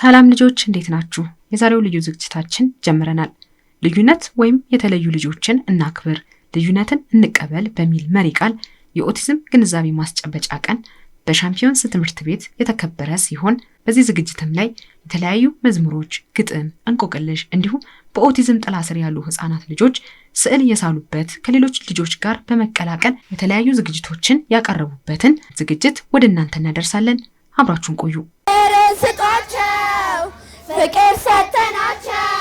ሰላም ልጆች እንዴት ናችሁ? የዛሬው ልዩ ዝግጅታችን ጀምረናል። ልዩነት ወይም የተለዩ ልጆችን እናክብር፣ ልዩነትን እንቀበል በሚል መሪ ቃል የኦቲዝም ግንዛቤ ማስጨበጫ ቀን በሻምፒዮንስ ትምህርት ቤት የተከበረ ሲሆን በዚህ ዝግጅትም ላይ የተለያዩ መዝሙሮች፣ ግጥም፣ እንቆቅልሽ እንዲሁም በኦቲዝም ጥላ ስር ያሉ ህጻናት ልጆች ስዕል የሳሉበት ከሌሎች ልጆች ጋር በመቀላቀል የተለያዩ ዝግጅቶችን ያቀረቡበትን ዝግጅት ወደ እናንተ እናደርሳለን። አብራችሁን ቆዩ። ፍቅር ሰተናቸው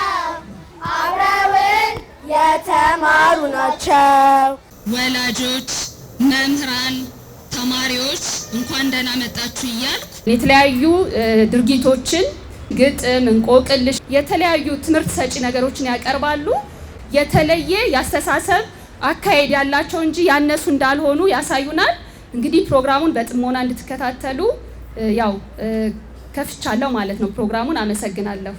አብረውን የተማሩ ናቸው። ወላጆች፣ መምህራን፣ ተማሪዎች እንኳን ደህና መጣችሁ እያልኩ የተለያዩ ድርጊቶችን ግጥም፣ እንቆቅልሽ፣ የተለያዩ ትምህርት ሰጪ ነገሮችን ያቀርባሉ። የተለየ የአስተሳሰብ አካሄድ ያላቸው እንጂ ያነሱ እንዳልሆኑ ያሳዩናል። እንግዲህ ፕሮግራሙን በጥሞና እንድትከታተሉ ያው ከፍቻለሁ ማለት ነው ፕሮግራሙን። አመሰግናለሁ።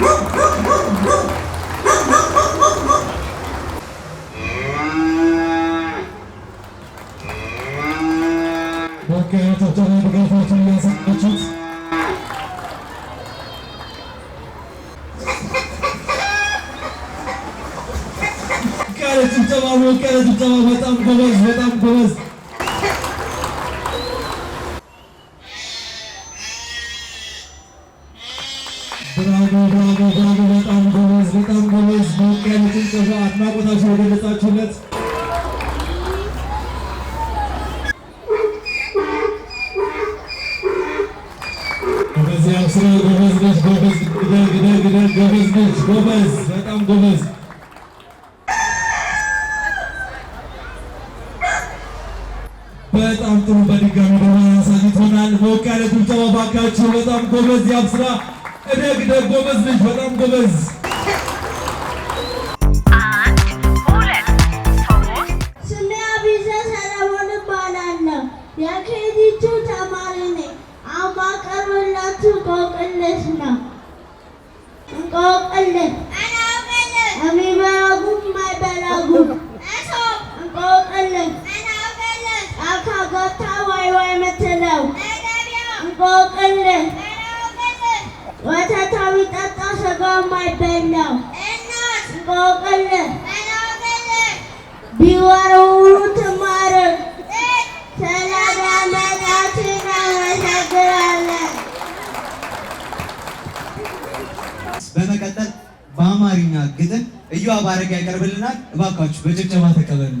Woo! ጎበዝ ጎበዝ ነች። ጎበዝ በጣም ጎበዝ በጣም ጥሩ። በድጋሚ በማሳጅ ይሆናል። ሞቅ ያለ ጭብጨባ ባካችሁ። በጣም ጎበዝ ያብስራ እደግደግ ጎበዝ ልጅ በጣም ጎበዝ ስሜ ሰለሞን መቀነስ ነው። እንቆቅልሽ የሚበላጉም አይበላጉም። እንቆቅልሽ አካ ገብታ ዋይ ዋይ የምትለው እንቆቅልሽ ወተቷ ቢጠጣ ስጋው የማይበላው እንቆቅልሽ ተማሪና ግዘን እዮአብ አረጋ ያቀርብልናል። እባካችሁ በጭብጨባ ተቀበሉ።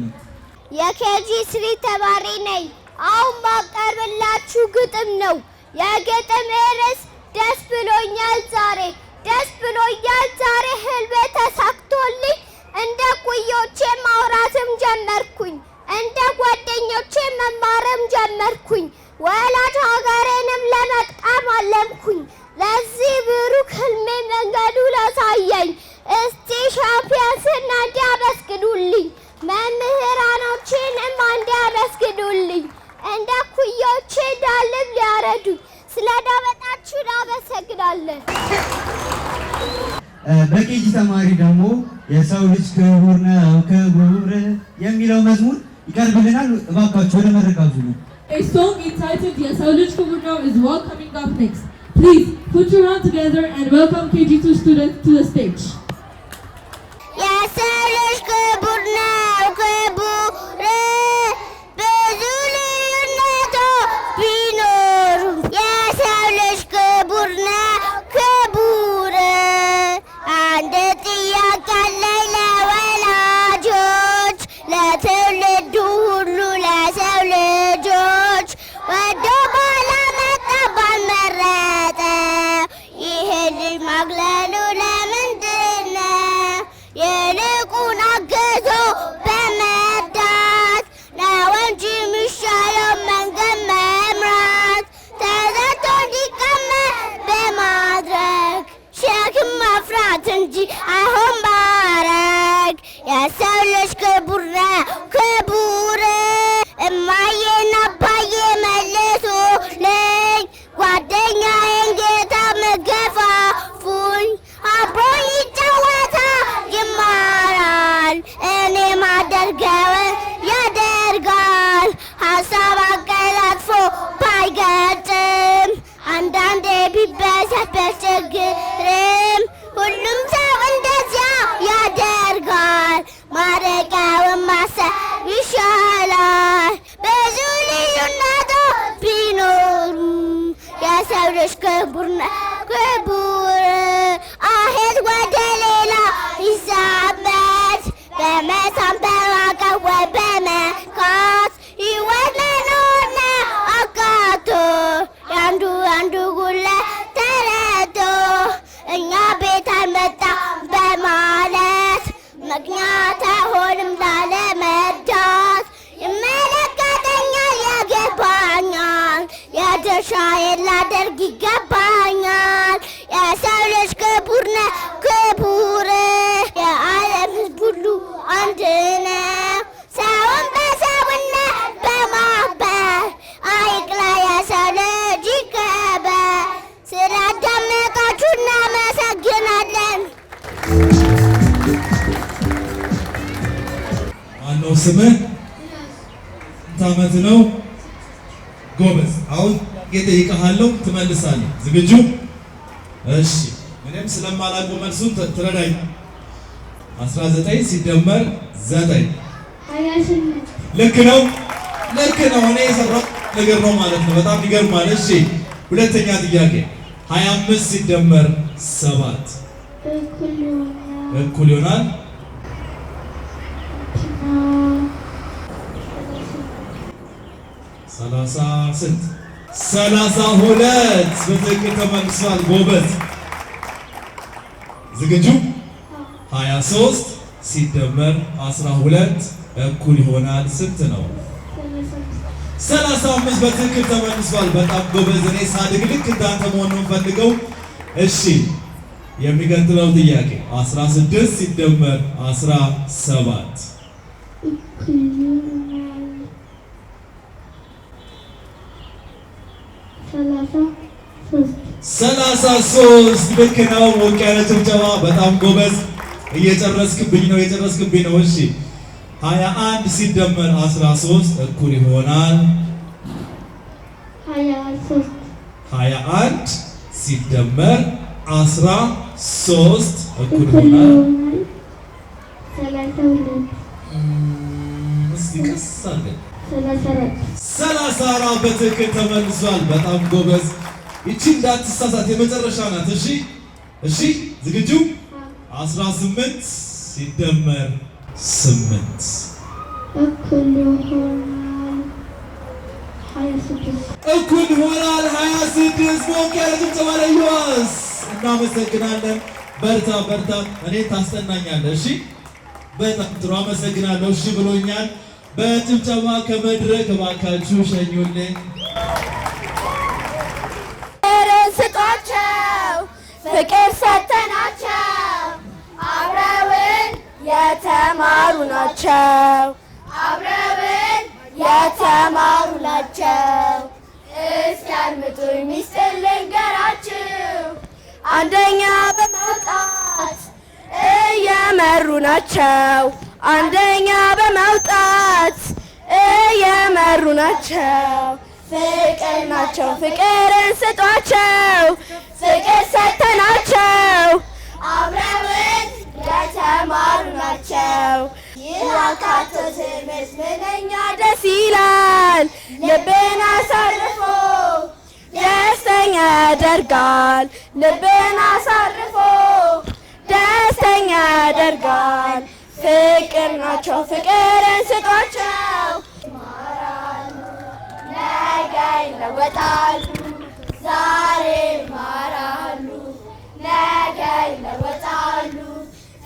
የኬጂ ስሪ ተማሪ ነኝ። አሁን ማቀርብላችሁ ግጥም ነው። የግጥም ርዕስ ደስ ብሎኛል ዛሬ ደስ ብሎኛል ዛሬ ህልቤ ተሳክቶልኝ እንደ ኩዮቼ ማውራትም ጀመርኩኝ እንደ ጓደኞቼ መማርም ጀመርኩኝ ወላጅ ሀገሬንም ለመጥቀም አለምኩኝ። የሰው ልጅ ክቡር ነው ክቡር የሚለው መዝሙር ይቀርብልናል። እባካችሁ ወደ ነው። A song entitled የሰው ልጅ ክቡር is welcoming up next. Please put your hands together and welcome KG2 students to the ስንት ዓመት ነው? ጎበዝ። አሁን እጠይቅሃለሁ ትመልሳለህ። ዝግጁ? እሺ። እኔም ስለማላውቀው መልሱን ትረዳኝ። 19 ሲደመር ዘጠኝ ልክ ነው። ልክ ነው። እኔ የሰራሁት ነገር ነው ማለት ነው። በጣም ይገርማል። እሺ፣ ሁለተኛ ጥያቄ 25 ሲደመር ሰባት እኩል ይሆናል ሰላሳ ስንት ሰላሳ ሁለት በትክክል ተመልሷል። ጎበዝ ዝግጁ 23 ሲደመር አስራ ሁለት እኩል ይሆናል ስንት ነው? 35 በትክክል ተመልሷል። በጣም ጎበዝ። እኔ ሳድግ ልክ እንዳንተ መሆን ነው ፈልገው። እሺ የሚቀጥለው ጥያቄ 16 ሲደመር አስራ 17 ሰላሳ ሶስት ልክ ነው። ሞቅ ያለ ጭብጨባ። በጣም ጎበዝ። እየጨረስክብኝ ነው፣ እየጨረስክብኝ ነው። እሺ ሀያ አንድ ሲደመር አስራ ሶስት እኩል ይሆናል ሀያ አንድ ሲደመር አስራ ሶስት እኩል ይሆናል ቀስ አለ ሰላሳ አራት በትክክል ተመልሷል። በጣም ጎበዝ። ይቺ እንዳትሳሳት የመጨረሻ ናት። እሺ፣ እሺ፣ ዝግጁ? አስራ ስምንት ሲደመር ስምንት እኩል ይሆናል ሀያ ስድስት ሞቅ ያለ ጭብጨባ እናመሰግናለን። በርታ በርታ፣ እኔ ታስጠናኛለህ። እሺ፣ በጣም ጥሩ አመሰግናለሁ። እሺ ብሎኛል። በጭብጨባ ከመድረክ እባካችሁ ሸኙልኝ። ስጧቸው፣ ፍቅር ሰተናቸው፣ አብረውን የተማሩ ናቸው፣ አብረውን የተማሩ ናቸው። እስኪ አድምጡኝ ሚስጥር ልንገራችሁ፣ አንደኛ በመውጣት እየመሩ ናቸው አንደኛ በመውጣት እየመሩ ናቸው። ፍቅር ናቸው። ፍቅርን ስጧቸው። ፍቅር ሰተናቸው አብረውን ለተማሩ ናቸው። ይህ አካቶ ትምህርት ምንኛ ደስ ይላል። ልብን አሳርፎ ደስተኛ ያደርጋል። ልብን አሳርፎ ደስተኛ ያደርጋል። ፍቅር ናቸው ፍቅርን ስጧቸው። ይማራሉ ነገ ይለወጣሉ፣ ዛሬ ይማራሉ ነገ ይለወጣሉ።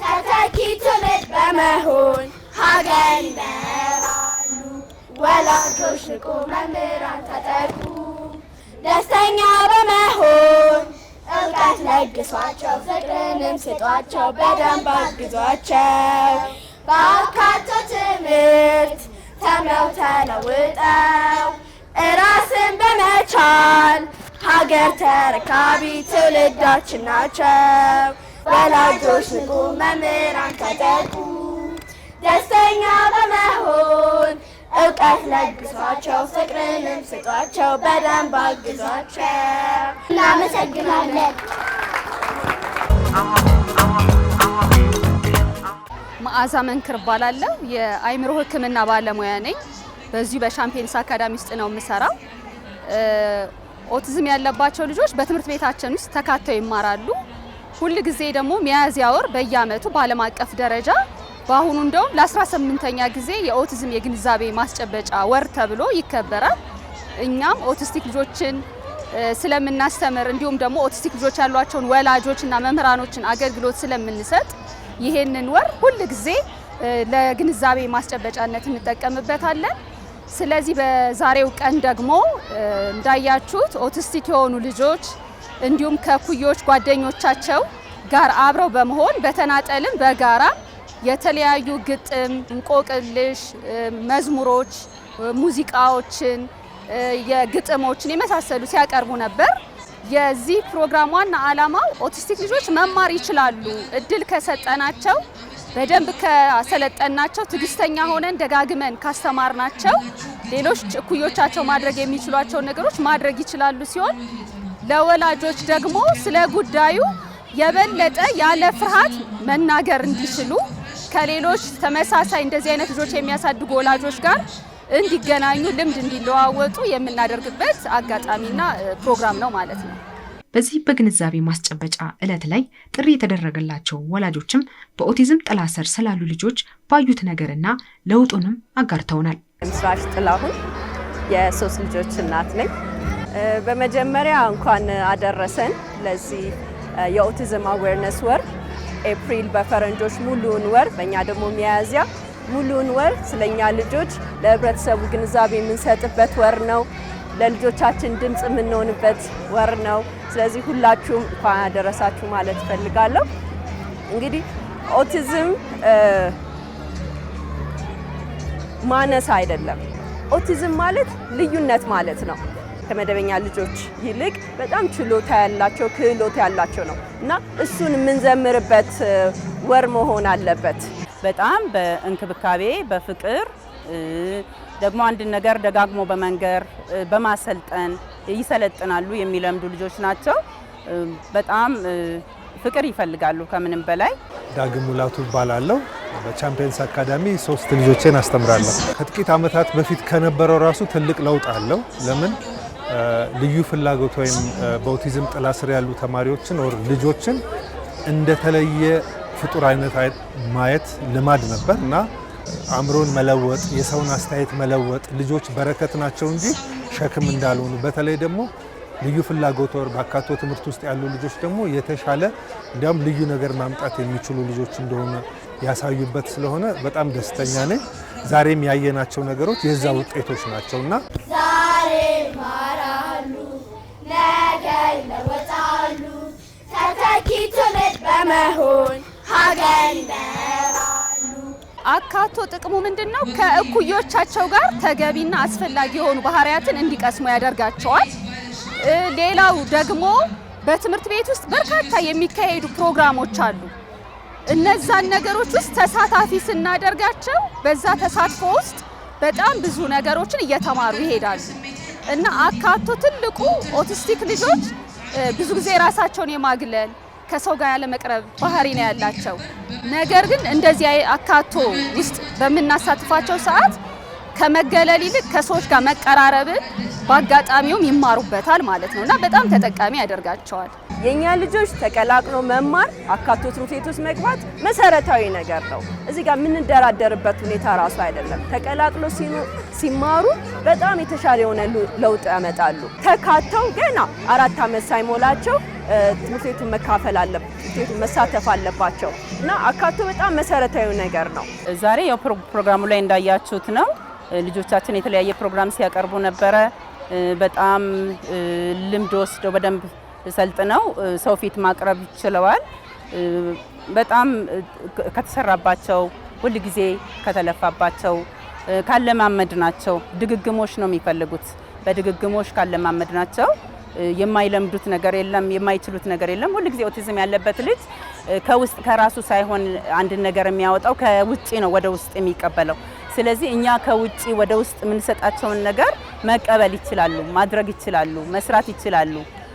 ተተኪ ትውልድ በመሆን ሀገር ይመራሉ። ወላጆች ንቁ፣ መምህራን ተጠቁ፣ ደስተኛ በመሆን በእውቀት ለግሷቸው፣ ፍቅርንም ስጧቸው፣ በደንብ አግዟቸው። በአካቶ ትምህርት ተምረው ተለውጠው እራስን በመቻል ሀገር ተረካቢ ትውልዳችን ናቸው። ወላጆች ንቁ፣ መምህራን ተጠቁ፣ ደስተኛ በመሆን እውቀት ለግሷቸው ፍቅርንም ስጧቸው በደንብ አግዟቸው። እናመሰግናለን። መዓዛ መንክር እባላለሁ። የአይምሮ ሕክምና ባለሙያ ነኝ። በዚሁ በሻምፒየንስ አካዳሚ ውስጥ ነው የምሰራው። ኦቲዝም ያለባቸው ልጆች በትምህርት ቤታችን ውስጥ ተካተው ይማራሉ። ሁል ጊዜ ደግሞ ሚያዝያ ወር በየአመቱ በዓለም አቀፍ ደረጃ በአሁኑ እንደውም ለ18ኛ ጊዜ የኦቲዝም የግንዛቤ ማስጨበጫ ወር ተብሎ ይከበራል። እኛም ኦቲስቲክ ልጆችን ስለምናስተምር እንዲሁም ደግሞ ኦቲስቲክ ልጆች ያሏቸውን ወላጆችና መምህራኖችን አገልግሎት ስለምንሰጥ ይሄንን ወር ሁል ጊዜ ለግንዛቤ ማስጨበጫነት እንጠቀምበታለን። ስለዚህ በዛሬው ቀን ደግሞ እንዳያችሁት ኦቲስቲክ የሆኑ ልጆች እንዲሁም ከኩዮች ጓደኞቻቸው ጋር አብረው በመሆን በተናጠልም በጋራ የተለያዩ ግጥም፣ እንቆቅልሽ፣ መዝሙሮች፣ ሙዚቃዎችን፣ የግጥሞችን የመሳሰሉ ሲያቀርቡ ነበር። የዚህ ፕሮግራም ዋና ዓላማው ኦቲስቲክ ልጆች መማር ይችላሉ እድል ከሰጠናቸው በደንብ ከሰለጠናቸው ትዕግስተኛ ሆነን ደጋግመን ካስተማርናቸው ሌሎች እኩዮቻቸው ማድረግ የሚችሏቸውን ነገሮች ማድረግ ይችላሉ ሲሆን ለወላጆች ደግሞ ስለ ጉዳዩ የበለጠ ያለ ፍርሃት መናገር እንዲችሉ ከሌሎች ተመሳሳይ እንደዚህ አይነት ልጆች የሚያሳድጉ ወላጆች ጋር እንዲገናኙ ልምድ እንዲለዋወጡ የምናደርግበት አጋጣሚና ፕሮግራም ነው ማለት ነው። በዚህ በግንዛቤ ማስጨበጫ ዕለት ላይ ጥሪ የተደረገላቸው ወላጆችም በኦቲዝም ጥላ ስር ስላሉ ልጆች ባዩት ነገርና ለውጡንም አጋርተውናል። ምስራች ጥላሁን የሶስት ልጆች እናት ነኝ። በመጀመሪያ እንኳን አደረሰን ለዚህ የኦቲዝም አዌርነስ ወር ኤፕሪል በፈረንጆች ሙሉውን ወር በእኛ ደግሞ ሚያዝያ ሙሉውን ወር ስለኛ ልጆች ለህብረተሰቡ ግንዛቤ የምንሰጥበት ወር ነው። ለልጆቻችን ድምፅ የምንሆንበት ወር ነው። ስለዚህ ሁላችሁም እንኳን አደረሳችሁ ማለት እፈልጋለሁ። እንግዲህ ኦቲዝም ማነስ አይደለም። ኦቲዝም ማለት ልዩነት ማለት ነው። ከመደበኛ ልጆች ይልቅ በጣም ችሎታ ያላቸው ክህሎት ያላቸው ነው እና እሱን የምንዘምርበት ወር መሆን አለበት። በጣም በእንክብካቤ በፍቅር ደግሞ አንድን ነገር ደጋግሞ በመንገር በማሰልጠን ይሰለጥናሉ የሚለምዱ ልጆች ናቸው። በጣም ፍቅር ይፈልጋሉ ከምንም በላይ። ዳግም ሙላቱ እባላለሁ። በቻምፒየንስ አካዳሚ ሶስት ልጆቼን አስተምራለሁ። ከጥቂት ዓመታት በፊት ከነበረው ራሱ ትልቅ ለውጥ አለው። ለምን ልዩ ፍላጎት ወይም በኦቲዝም ጥላ ስር ያሉ ተማሪዎችን ወር ልጆችን እንደተለየ ፍጡር አይነት ማየት ልማድ ነበር እና አእምሮን መለወጥ፣ የሰውን አስተያየት መለወጥ ልጆች በረከት ናቸው እንጂ ሸክም እንዳልሆኑ በተለይ ደግሞ ልዩ ፍላጎት ወር በአካቶ ትምህርት ውስጥ ያሉ ልጆች ደግሞ የተሻለ እንዲያውም ልዩ ነገር ማምጣት የሚችሉ ልጆች እንደሆነ ያሳዩበት ስለሆነ በጣም ደስተኛ ነኝ። ዛሬም ያየናቸው ነገሮች የዛ ውጤቶች ናቸው እና ተተኪ ትውልድ በመሆን ሀገር ይመራሉ። አካቶ ጥቅሙ ምንድን ነው? ከእኩዮቻቸው ጋር ተገቢና አስፈላጊ የሆኑ ባህሪያትን እንዲቀስሙ ያደርጋቸዋል። ሌላው ደግሞ በትምህርት ቤት ውስጥ በርካታ የሚካሄዱ ፕሮግራሞች አሉ። እነዛን ነገሮች ውስጥ ተሳታፊ ስናደርጋቸው በዛ ተሳትፎ ውስጥ በጣም ብዙ ነገሮችን እየተማሩ ይሄዳሉ እና አካቶ ትልቁ ኦቲስቲክ ልጆች ብዙ ጊዜ ራሳቸውን የማግለል ከሰው ጋር ያለመቅረብ ባህሪ ነው ያላቸው። ነገር ግን እንደዚህ አካቶ ውስጥ በምናሳትፋቸው ሰዓት ከመገለል ይልቅ ከሰዎች ጋር መቀራረብን በአጋጣሚውም ይማሩበታል ማለት ነው እና በጣም ተጠቃሚ ያደርጋቸዋል። የእኛ ልጆች ተቀላቅሎ መማር፣ አካቶ ትምህርት ቤት ውስጥ መግባት መሰረታዊ ነገር ነው። እዚህ ጋር የምንደራደርበት ሁኔታ ራሱ አይደለም። ተቀላቅሎ ሲማሩ በጣም የተሻለ የሆነ ለውጥ ያመጣሉ። ተካተው ገና አራት ዓመት ሳይሞላቸው ትምህርት ቤቱን መካፈል አለ ትምህርት ቤቱን መሳተፍ አለባቸው እና አካቶ በጣም መሰረታዊ ነገር ነው። ዛሬ የፕሮግራሙ ፕሮግራሙ ላይ እንዳያችሁት ነው ልጆቻችን የተለያየ ፕሮግራም ሲያቀርቡ ነበረ። በጣም ልምድ ወስደው በደንብ ሰልጥነው ሰው ፊት ማቅረብ ይችለዋል። በጣም ከተሰራባቸው ሁል ጊዜ ከተለፋባቸው ካለማመድ ናቸው። ድግግሞሽ ነው የሚፈልጉት። በድግግሞሽ ካለማመድ ናቸው። የማይለምዱት ነገር የለም፣ የማይችሉት ነገር የለም። ሁል ጊዜ ኦቲዝም ያለበት ልጅ ከውስጥ ከራሱ ሳይሆን አንድን ነገር የሚያወጣው ከውጭ ነው ወደ ውስጥ የሚቀበለው። ስለዚህ እኛ ከውጭ ወደ ውስጥ የምንሰጣቸውን ነገር መቀበል ይችላሉ፣ ማድረግ ይችላሉ፣ መስራት ይችላሉ።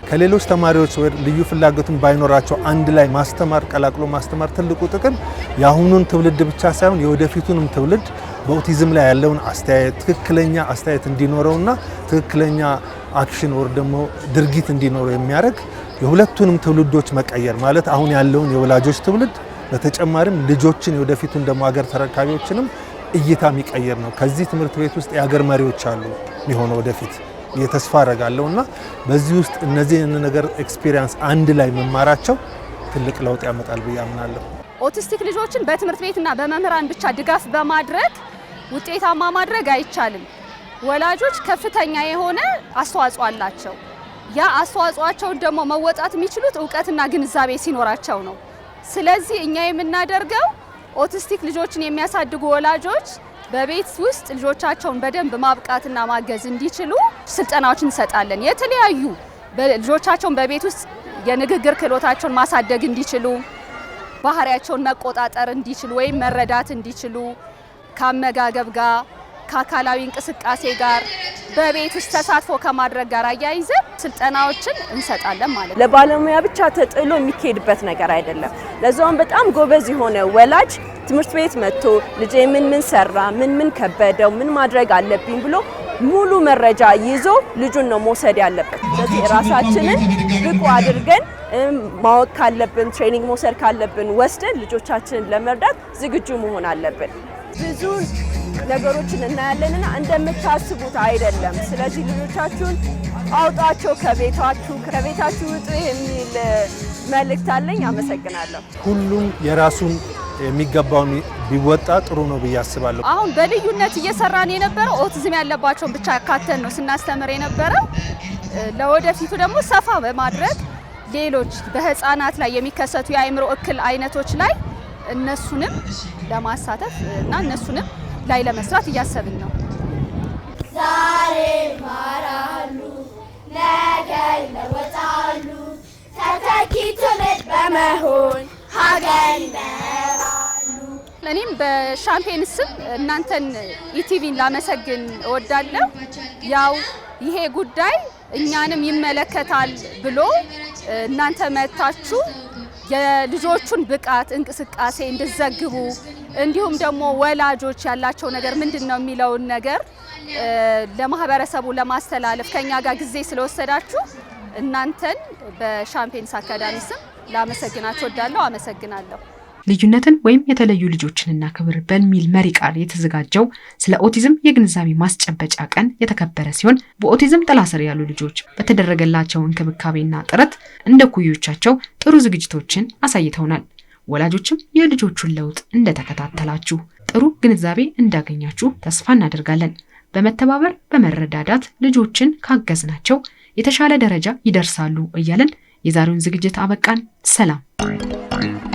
ከሌሎች ተማሪዎች ልዩ ፍላጎትን ባይኖራቸው አንድ ላይ ማስተማር ቀላቅሎ ማስተማር ትልቁ ጥቅም የአሁኑን ትውልድ ብቻ ሳይሆን የወደፊቱንም ትውልድ በኦቲዝም ላይ ያለውን አስተያየት ትክክለኛ አስተያየት እንዲኖረውና ትክክለኛ አክሽን ወር ደግሞ ድርጊት እንዲኖረው የሚያደርግ የሁለቱንም ትውልዶች መቀየር ማለት አሁን ያለውን የወላጆች ትውልድ በተጨማሪም ልጆችን የወደፊቱን ደግሞ ሀገር ተረካቢዎችንም እይታ የሚቀይር ነው። ከዚህ ትምህርት ቤት ውስጥ የሀገር መሪዎች አሉ የሚሆነ ወደፊት የተስፋ አረጋለሁ እና በዚህ ውስጥ እነዚህን ነገር ኤክስፒሪየንስ አንድ ላይ መማራቸው ትልቅ ለውጥ ያመጣል ብዬ አምናለሁ። ኦቲስቲክ ልጆችን በትምህርት ቤትና በመምህራን ብቻ ድጋፍ በማድረግ ውጤታማ ማድረግ አይቻልም። ወላጆች ከፍተኛ የሆነ አስተዋጽኦ አላቸው። ያ አስተዋጽኦቸውን ደግሞ መወጣት የሚችሉት እውቀትና ግንዛቤ ሲኖራቸው ነው። ስለዚህ እኛ የምናደርገው ኦቲስቲክ ልጆችን የሚያሳድጉ ወላጆች በቤት ውስጥ ልጆቻቸውን በደንብ ማብቃትና ማገዝ እንዲችሉ ስልጠናዎችን እንሰጣለን። የተለያዩ ልጆቻቸውን በቤት ውስጥ የንግግር ክህሎታቸውን ማሳደግ እንዲችሉ፣ ባህሪያቸውን መቆጣጠር እንዲችሉ ወይም መረዳት እንዲችሉ ከአመጋገብ ጋር ከአካላዊ እንቅስቃሴ ጋር በቤት ውስጥ ተሳትፎ ከማድረግ ጋር አያይዘን ስልጠናዎችን እንሰጣለን ማለት ነው። ለባለሙያ ብቻ ተጥሎ የሚካሄድበት ነገር አይደለም። ለዛውም በጣም ጎበዝ የሆነ ወላጅ ትምህርት ቤት መጥቶ ልጄ ምን ምን ሰራ፣ ምን ምን ከበደው፣ ምን ማድረግ አለብኝ ብሎ ሙሉ መረጃ ይዞ ልጁን ነው መውሰድ ያለበት። ስለዚህ ራሳችንን ብቁ አድርገን ማወቅ ካለብን ትሬኒንግ መውሰድ ካለብን ወስደን ልጆቻችንን ለመርዳት ዝግጁ መሆን አለብን። ብዙ ነገሮችን እናያለንና እንደምታስቡት አይደለም። ስለዚህ ልጆቻችሁን አውጣቸው ከቤታችሁ ከቤታችሁ ውጡ የሚል መልእክት አለኝ። አመሰግናለሁ። ሁሉም የራሱን የሚገባውን ቢወጣ ጥሩ ነው ብዬ አስባለሁ። አሁን በልዩነት እየሰራን የነበረው ኦቲዝም ያለባቸውን ብቻ ያካተን ነው ስናስተምር የነበረው። ለወደፊቱ ደግሞ ሰፋ በማድረግ ሌሎች በህፃናት ላይ የሚከሰቱ የአእምሮ እክል አይነቶች ላይ እነሱንም ለማሳተፍ እና እነሱንም ላይ ለመስራት እያሰብን ነው። ዛሬ ይማራሉ፣ ነገ ይለወጣሉ። ተተኪ ትውልድ በመሆን ሀገር ይመራሉ። እኔም በሻምፔን ስም እናንተን ኢቲቪን ላመሰግን እወዳለሁ። ያው ይሄ ጉዳይ እኛንም ይመለከታል ብሎ እናንተ መታችሁ የልጆቹን ብቃት እንቅስቃሴ እንድዘግቡ እንዲሁም ደግሞ ወላጆች ያላቸው ነገር ምንድን ነው የሚለውን ነገር ለማህበረሰቡ ለማስተላለፍ ከኛ ጋር ጊዜ ስለወሰዳችሁ እናንተን በሻምፒየንስ አካዳሚ ስም ላመሰግናችሁ ወዳለሁ አመሰግናለሁ። ልዩነትን ወይም የተለዩ ልጆችን ክብር በሚል መሪ ቃል የተዘጋጀው ስለ ኦቲዝም የግንዛቤ ማስጨበጫ ቀን የተከበረ ሲሆን በኦቲዝም ጥላ ስር ያሉ ልጆች በተደረገላቸው እንክብካቤና ጥረት እንደ ኩዮቻቸው ጥሩ ዝግጅቶችን አሳይተውናል። ወላጆችም የልጆቹን ለውጥ እንደተከታተላችሁ ጥሩ ግንዛቤ እንዳገኛችሁ ተስፋ እናደርጋለን። በመተባበር በመረዳዳት ልጆችን ካገዝናቸው የተሻለ ደረጃ ይደርሳሉ እያለን የዛሬውን ዝግጅት አበቃን። ሰላም